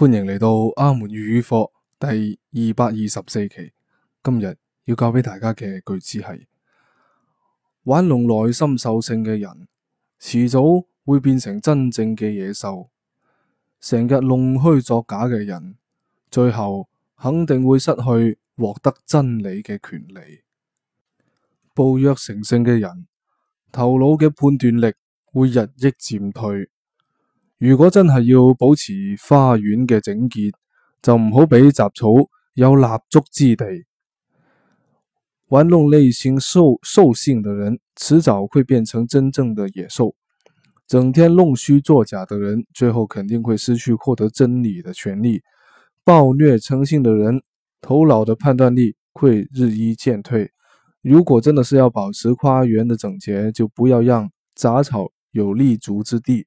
歡迎嚟到阿門粵語課第二百二十四期。今日要教俾大家嘅句子係：玩弄內心獸性嘅人，遲早會變成真正嘅野獸；成日弄虛作假嘅人，最後肯定會失去獲得真理嘅權利。暴虐成性嘅人，頭腦嘅判斷力會日益漸退。如果真係要保持花園嘅整潔，就唔好俾雜草有立足之地。玩弄內心獸獸性的人，遲早會變成真正嘅野獸；整天弄虛作假的人，最後肯定會失去獲得真理的權利。暴虐成性的人，頭腦的判斷力會日益漸退。如果真係是要保持花園的整潔，就不要讓雜草有立足之地。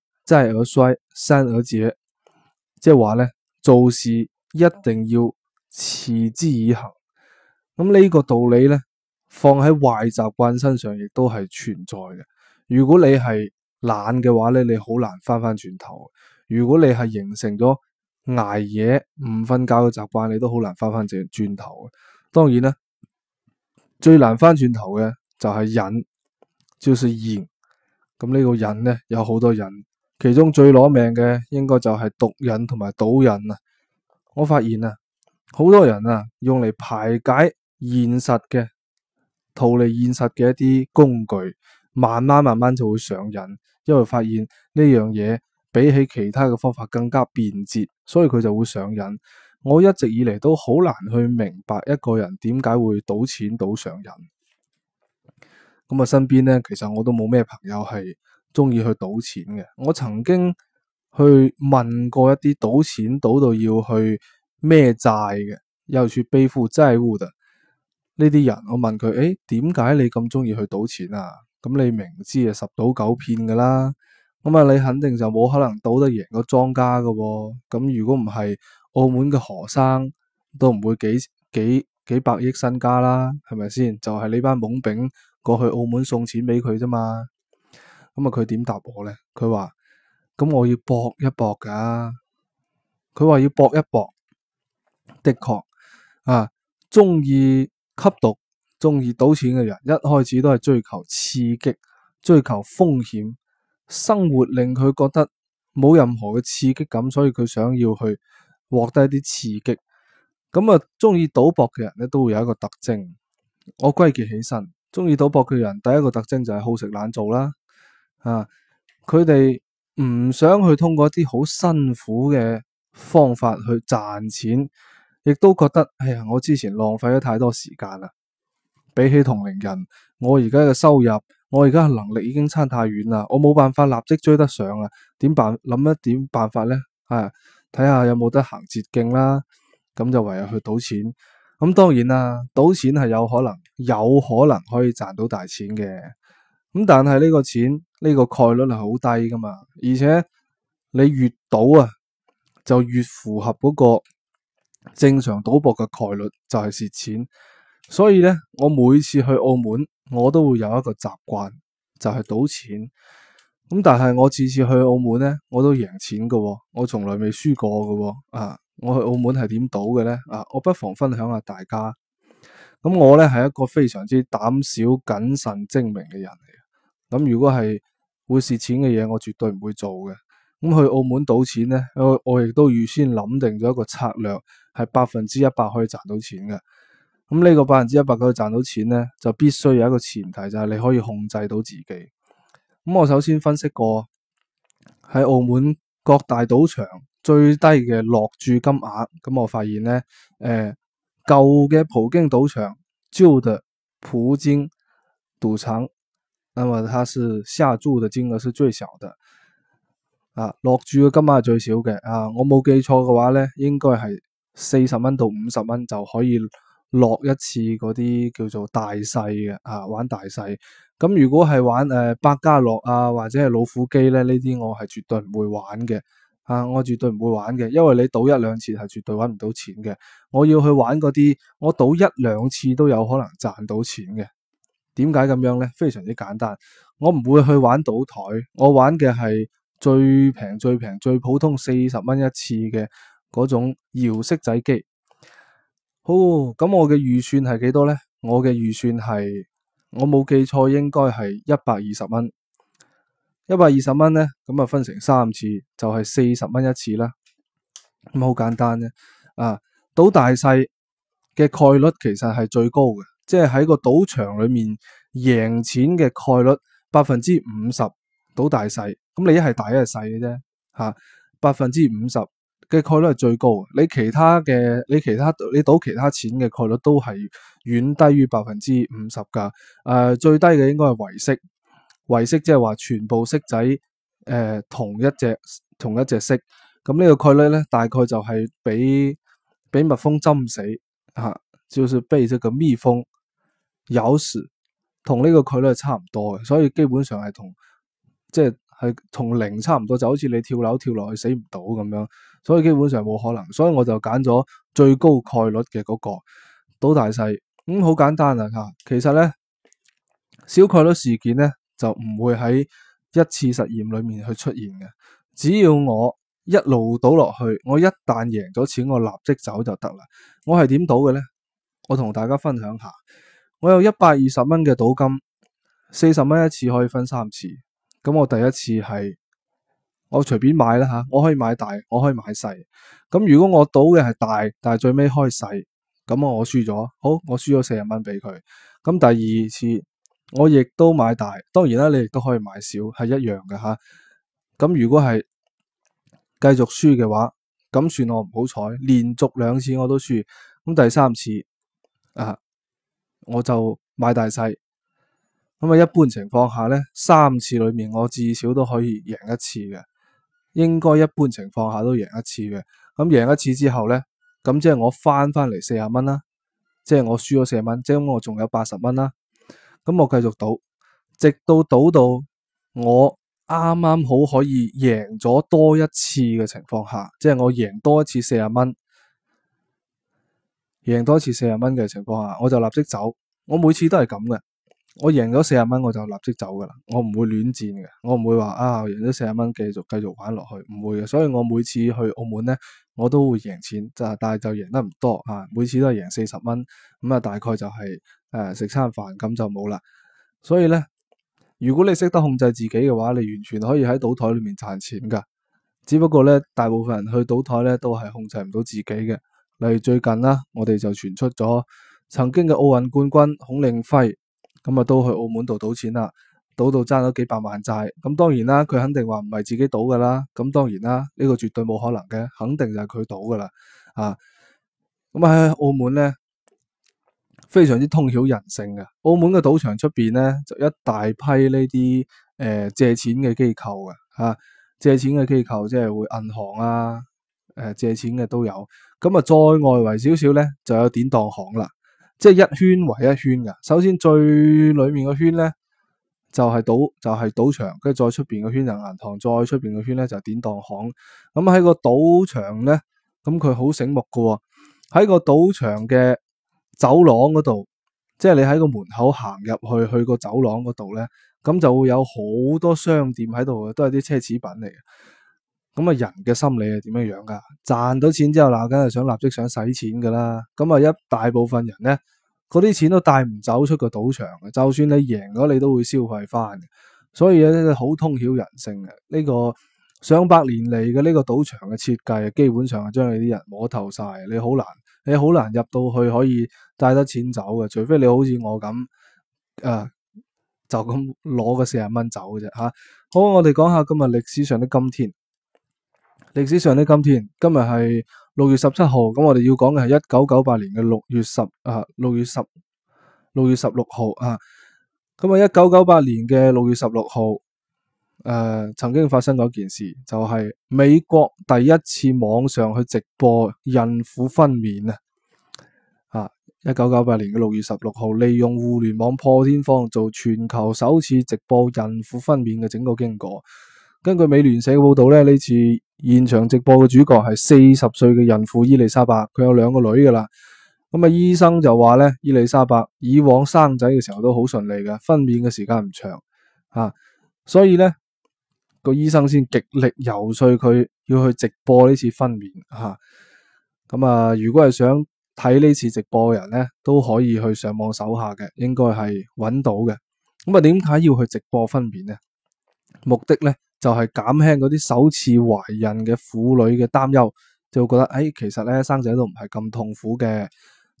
積而衰，山而竭，即係話咧，做事一定要持之以恒。咁呢個道理咧，放喺壞習慣身上亦都係存在嘅。如果你係懶嘅話咧，你好難翻翻轉頭。如果你係形成咗挨夜唔瞓覺嘅習慣，你都好難翻翻轉轉頭。當然啦，最難翻轉頭嘅就係忍，就是嚴。咁呢個忍咧，有好多人。其中最攞命嘅，應該就係毒癮同埋賭癮啊！我發現啊，好多人啊，用嚟排解現實嘅，逃離現實嘅一啲工具，慢慢慢慢就會上癮，因為發現呢樣嘢比起其他嘅方法更加便捷，所以佢就會上癮。我一直以嚟都好難去明白一個人點解會賭錢賭上癮。咁啊，身邊呢，其實我都冇咩朋友係。中意去賭錢嘅，我曾經去問過一啲賭錢賭到要去咩債嘅，又處悲乎真係污的呢啲人。我問佢，誒、欸，點解你咁中意去賭錢啊？咁你明知係十賭九騙噶啦，咁啊你肯定就冇可能賭得贏個莊家噶、啊。咁如果唔係，澳門嘅何生都唔會幾幾幾百億身家啦，係咪先？就係你班懵丙過去澳門送錢俾佢啫嘛。咁啊！佢點答我咧？佢話咁，我要搏一搏噶。佢話要搏一搏，的確啊，中意吸毒、中意賭錢嘅人，一開始都係追求刺激、追求風險。生活令佢覺得冇任何嘅刺激感，所以佢想要去獲得一啲刺激。咁啊，中意賭博嘅人呢，都會有一個特徵。我歸結起身，中意賭博嘅人第一個特徵就係好食懶做啦。啊！佢哋唔想去通過一啲好辛苦嘅方法去賺錢，亦都覺得：哎呀，我之前浪費咗太多時間啦。比起同齡人，我而家嘅收入，我而家嘅能力已經差太遠啦。我冇辦法立即追得上啊。點辦？諗一點辦法呢？啊，睇下有冇得行捷徑啦。咁就唯有去賭錢。咁、嗯、當然啦，賭錢係有可能，有可能可以賺到大錢嘅。咁、嗯、但係呢個錢，呢個概率係好低噶嘛，而且你越賭啊，就越符合嗰個正常賭博嘅概率就係蝕錢。所以咧，我每次去澳門，我都會有一個習慣，就係賭錢。咁但係我次次去澳門咧，我都贏錢噶喎，我從來未輸過噶喎。啊，我去澳門係點賭嘅咧？啊，我不妨分享下大家。咁我咧係一個非常之膽小、謹慎、精明嘅人嚟嘅。咁如果係會蝕錢嘅嘢，我絕對唔會做嘅。咁去澳門賭錢咧，我我亦都預先諗定咗一個策略，係百分之一百可以賺到錢嘅。咁呢個百分之一百可以賺到錢咧，就必須有一個前提，就係、是、你可以控制到自己。咁我首先分析過喺澳門各大賭場最低嘅落注金額，咁我發現咧，誒、呃、舊嘅葡京賭場、舊嘅葡京賭場。那麼它是下注的金額是最小的啊，的小的啊落注嘅金額係最少嘅。啊我冇記錯嘅話咧，應該係四十蚊到五十蚊就可以落一次嗰啲叫做大細嘅、啊，啊玩大細。咁如果係玩誒百、呃、家樂啊或者係老虎機咧呢啲，我係絕對唔會玩嘅、啊，啊我絕對唔會玩嘅，因為你賭一兩次係絕對搵唔到錢嘅。我要去玩嗰啲，我賭一兩次都有可能賺到錢嘅。點解咁樣呢？非常之簡單，我唔會去玩賭台，我玩嘅係最平、最平、最普通四十蚊一次嘅嗰種搖骰仔機。好，咁我嘅預算係幾多呢？我嘅預算係，我冇記錯應該係一百二十蚊。一百二十蚊呢，咁啊分成三次，就係四十蚊一次啦。咁好簡單啫。啊，賭大細嘅概率其實係最高嘅。即係喺個賭場裏面贏錢嘅概率百分之五十賭大細，咁你一係大一係細嘅啫吓，百分之五十嘅概率係最高，你其他嘅你其他你賭其他錢嘅概率都係遠低於百分之五十噶，誒、呃、最低嘅應該係圍骰，圍骰即係話全部骰仔誒、呃、同一隻同一隻骰，咁呢個概率咧大概就係俾俾蜜蜂針死吓、啊，就是不如一個蜜蜂。有時同呢個概率係差唔多嘅，所以基本上係同即係係同零差唔多，就好似你跳樓跳落去死唔到咁樣，所以基本上冇可能。所以我就揀咗最高概率嘅嗰個賭大細咁好簡單啊吓。其實呢，小概率事件呢就唔會喺一次實驗裏面去出現嘅。只要我一路賭落去，我一旦贏咗錢，我立即走就得啦。我係點賭嘅呢？我同大家分享下。我有一百二十蚊嘅賭金，四十蚊一次可以分三次。咁我第一次係我隨便買啦吓，我可以買大，我可以買細。咁如果我賭嘅係大，但係最尾開細，咁我我輸咗。好，我輸咗四十蚊俾佢。咁第二次我亦都買大，當然啦，你亦都可以買少，係一樣嘅吓。咁如果係繼續輸嘅話，咁算我唔好彩，連續兩次我都輸。咁第三次啊。我就買大細，咁啊一般情況下呢，三次裏面我至少都可以贏一次嘅，應該一般情況下都贏一次嘅。咁贏一次之後呢，咁即係我翻翻嚟四十蚊啦，即係我輸咗四十蚊，即係我仲有八十蚊啦。咁我繼續賭，直到賭到我啱啱好可以贏咗多一次嘅情況下，即係我贏多一次四十蚊。贏多一次四十蚊嘅情況下，我就立即走。我每次都係咁嘅，我贏咗四十蚊我就立即走噶啦。我唔會亂戰嘅，我唔會話啊我贏咗四十蚊繼續繼續玩落去，唔會嘅。所以我每次去澳門咧，我都會贏錢，就但係就贏得唔多啊。每次都係贏四十蚊咁啊，大概就係誒食餐飯咁就冇啦。所以咧，如果你識得控制自己嘅話，你完全可以喺賭台裏面賺錢噶。只不過咧，大部分人去賭台咧都係控制唔到自己嘅。例如最近啦，我哋就傳出咗曾經嘅奧運冠軍孔令輝，咁啊都去澳門度賭錢啦，賭到爭咗幾百萬債。咁當然啦，佢肯定話唔係自己賭噶啦。咁當然啦，呢、這個絕對冇可能嘅，肯定就係佢賭噶啦。啊，咁啊喺澳門咧非常之通曉人性嘅，澳門嘅賭場出邊咧就一大批呢啲誒借錢嘅機構嘅，啊借錢嘅機構即係會銀行啊，誒、呃、借錢嘅都有。咁啊，再外圍少少咧，就有典當行啦，即係一圈圍一圈噶。首先最裡面個圈咧，就係、是、賭就係、是、賭場，跟住再出邊個圈就銀行，再出邊個圈咧就典當行。咁、嗯、喺個賭場咧，咁佢好醒目噶喎、哦。喺個賭場嘅走廊嗰度，即係你喺個門口行入去，去個走廊嗰度咧，咁、嗯、就會有好多商店喺度嘅，都係啲奢侈品嚟嘅。咁啊，人嘅心理係點樣樣噶？賺到錢之後嗱，梗係想立即想使錢噶啦。咁啊，一大部分人呢，嗰啲錢都帶唔走出個賭場嘅。就算你贏咗，你都會消費翻。所以咧，好通曉人性嘅呢個上百年嚟，嘅呢個賭場嘅設計，基本上係將你啲人摸透晒。你好難，你好難入到去可以帶得錢走嘅，除非你好似我咁，誒、呃，就咁攞個四十蚊走嘅啫。吓，好，我哋講下今日歷史上的今天。歷史上的今天，今日係六月十七號，咁我哋要講嘅係一九九八年嘅六月十，啊六月十，六月十六號啊，咁啊一九九八年嘅六月十六號，誒曾經發生過件事就係、是、美國第一次網上去直播孕婦分娩啊，啊一九九八年嘅六月十六號，利用互聯網破天荒做全球首次直播孕婦分娩嘅整個經過。根據美聯社嘅報道咧，呢次現場直播嘅主角係四十歲嘅孕婦伊麗莎白，佢有兩個女噶啦。咁啊，醫生就話咧，伊麗莎白以往生仔嘅時候都好順利嘅，分娩嘅時間唔長啊，所以咧，個醫生先極力游說佢要去直播呢次分娩吓。咁啊，啊，如果係想睇呢次直播嘅人咧，都可以去上網搜下嘅，應該係搵到嘅。咁啊，點解要去直播分娩呢？目的咧？就係減輕嗰啲首次懷孕嘅婦女嘅擔憂，就會覺得誒、欸，其實咧，生仔都唔係咁痛苦嘅。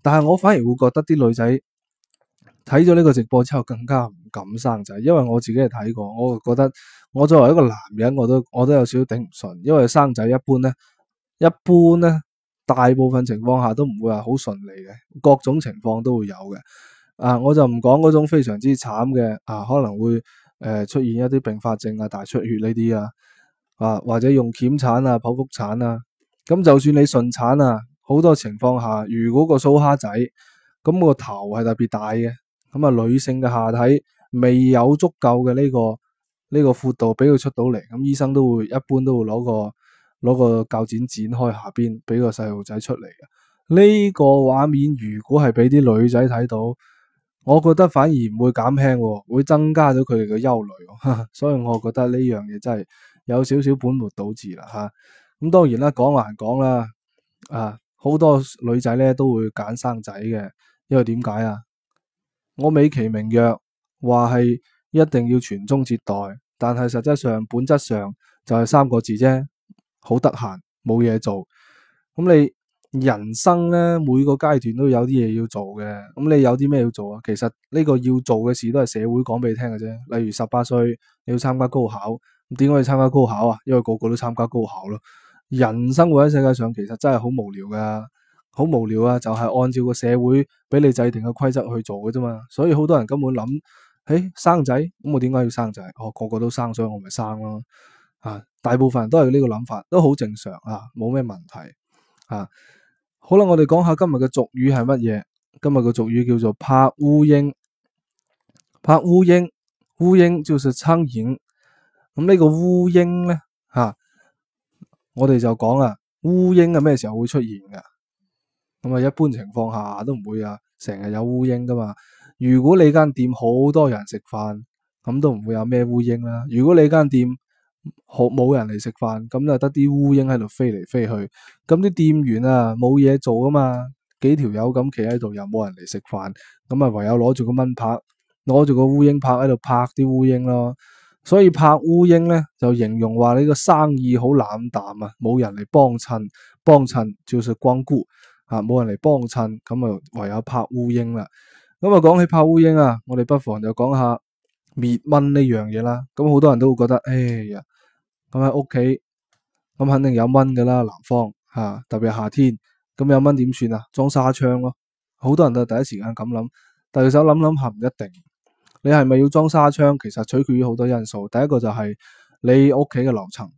但係我反而會覺得啲女仔睇咗呢個直播之後更加唔敢生仔，因為我自己係睇過，我覺得我作為一個男人我，我都我都有少少頂唔順，因為生仔一般咧，一般咧，大部分情況下都唔會話好順利嘅，各種情況都會有嘅。啊，我就唔講嗰種非常之慘嘅啊，可能會。誒，出現一啲併發症啊，大出血呢啲啊，啊或者用鉗產啊、剖腹產啊，咁就算你順產啊，好多情況下，如果個蘇蝦仔，咁個頭係特別大嘅，咁啊女性嘅下體未有足夠嘅呢個呢個闊度俾佢出到嚟，咁醫生都會一般都會攞個攞個鉸剪剪開下邊，俾個細路仔出嚟嘅。呢個畫面如果係俾啲女仔睇到。我覺得反而唔會減輕，會增加咗佢哋嘅憂慮呵呵，所以我覺得呢樣嘢真係有少少本末倒置啦吓。咁當然啦，講還講啦，啊，好、啊、多女仔咧都會揀生仔嘅，因為點解啊？我美其名曰話係一定要傳宗接代，但係實質上本質上就係三個字啫，好得閒冇嘢做，咁、嗯、你。人生咧，每個階段都有啲嘢要做嘅。咁你有啲咩要做啊？其實呢個要做嘅事都係社會講俾你聽嘅啫。例如十八歲，你要參加高考，點解要參加高考啊？因為個個都參加高考咯。人生活喺世界上，其實真係好無聊噶，好無聊啊！就係按照個社會俾你制定嘅規則去做嘅啫嘛。所以好多人根本諗，誒，生仔咁我點解要生仔？哦，個個都生，所以我咪生咯。啊。啊，大部分人都係呢個諗法，都好正常啊，冇咩問題啊。好啦，我哋講下今日嘅俗語係乜嘢？今日嘅俗語叫做拍烏蠅，拍烏蠅，烏蠅就是蒼蠅。咁、嗯這個、呢個烏蠅咧，吓、啊，我哋就講啊，烏蠅係咩時候會出現噶？咁、嗯、啊，一般情況下都唔會啊，成日有烏蠅噶嘛。如果你間店好多人食飯，咁、嗯、都唔會有咩烏蠅啦。如果你間店，好冇人嚟食飯，咁就得啲烏蠅喺度飛嚟飛去，咁啲店員啊冇嘢做噶嘛，幾條友咁企喺度又冇人嚟食飯，咁啊唯有攞住個蚊拍，攞住個烏蠅拍喺度拍啲烏蠅咯。所以拍烏蠅咧，就形容話你個生意好冷淡啊，冇人嚟幫襯，幫襯照食光顧啊，冇人嚟幫襯，咁啊唯有拍烏蠅啦。咁啊講起拍烏蠅啊，我哋不妨就講下滅蚊呢樣嘢啦。咁好多人都會覺得，哎呀～咁喺屋企，咁肯定有蚊噶啦，南方吓、啊，特別係夏天，咁有蚊點算裝沙啊？裝紗窗咯，好多人都係第一時間咁諗，但係想諗諗下唔一定，你係咪要裝紗窗？其實取決於好多因素，第一個就係你屋企嘅樓層。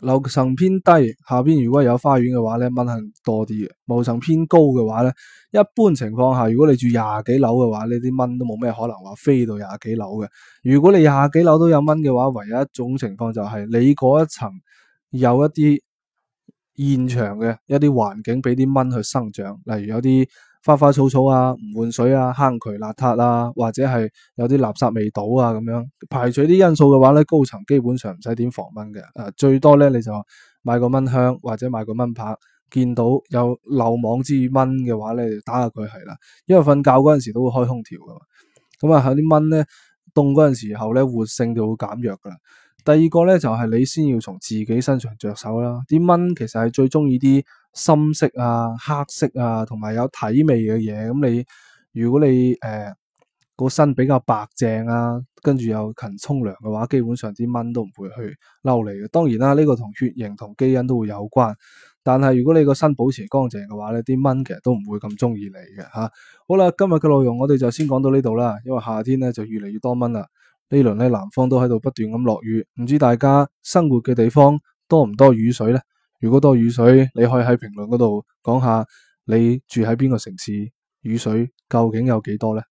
樓層偏低，下邊如果有花園嘅話咧，蚊係多啲嘅。樓層偏高嘅話咧，一般情況下，如果你住廿幾樓嘅話，呢啲蚊都冇咩可能話飛到廿幾樓嘅。如果你廿幾樓都有蚊嘅話，唯一一種情況就係你嗰一層有一啲現場嘅一啲環境俾啲蚊去生長，例如有啲。花花草草啊，唔換水啊，坑渠邋遢啊，或者係有啲垃圾未倒啊，咁樣排除啲因素嘅話咧，高層基本上唔使點防蚊嘅，啊最多咧你就買個蚊香或者買個蚊拍，見到有漏網之蚊嘅話咧，你打下佢係啦。因為瞓覺嗰陣時都會開空調噶嘛，咁啊，有啲蚊咧凍嗰陣時候咧活性就會減弱噶啦。第二個咧就係、是、你先要從自己身上着手啦，啲蚊其實係最中意啲。深色啊、黑色啊，同埋有體味嘅嘢，咁你如果你誒、呃那個身比較白淨啊，跟住又勤沖涼嘅話，基本上啲蚊都唔會去嬲你嘅。當然啦、啊，呢、這個同血型同基因都會有關。但係如果你個身保持乾淨嘅話咧，啲蚊其實都唔會咁中意你嘅吓、啊。好啦，今日嘅內容我哋就先講到呢度啦。因為夏天咧就越嚟越多蚊啦。呢輪咧南方都喺度不斷咁落雨，唔知大家生活嘅地方多唔多雨水咧？如果多雨水，你可以喺評論嗰度講下你住喺邊個城市，雨水究竟有幾多咧？